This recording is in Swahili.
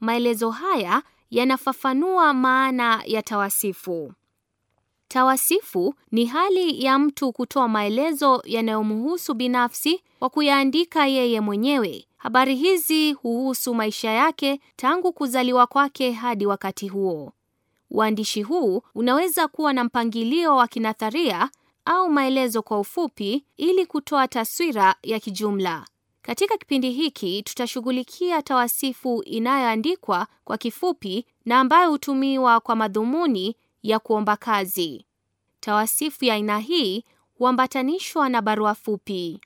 Maelezo haya yanafafanua maana ya tawasifu. Tawasifu ni hali ya mtu kutoa maelezo yanayomhusu binafsi kwa kuyaandika yeye mwenyewe. Habari hizi huhusu maisha yake tangu kuzaliwa kwake hadi wakati huo. Uandishi huu unaweza kuwa na mpangilio wa kinadharia au maelezo kwa ufupi ili kutoa taswira ya kijumla. Katika kipindi hiki tutashughulikia tawasifu inayoandikwa kwa kifupi na ambayo hutumiwa kwa madhumuni ya kuomba kazi. Tawasifu ya aina hii huambatanishwa na barua fupi.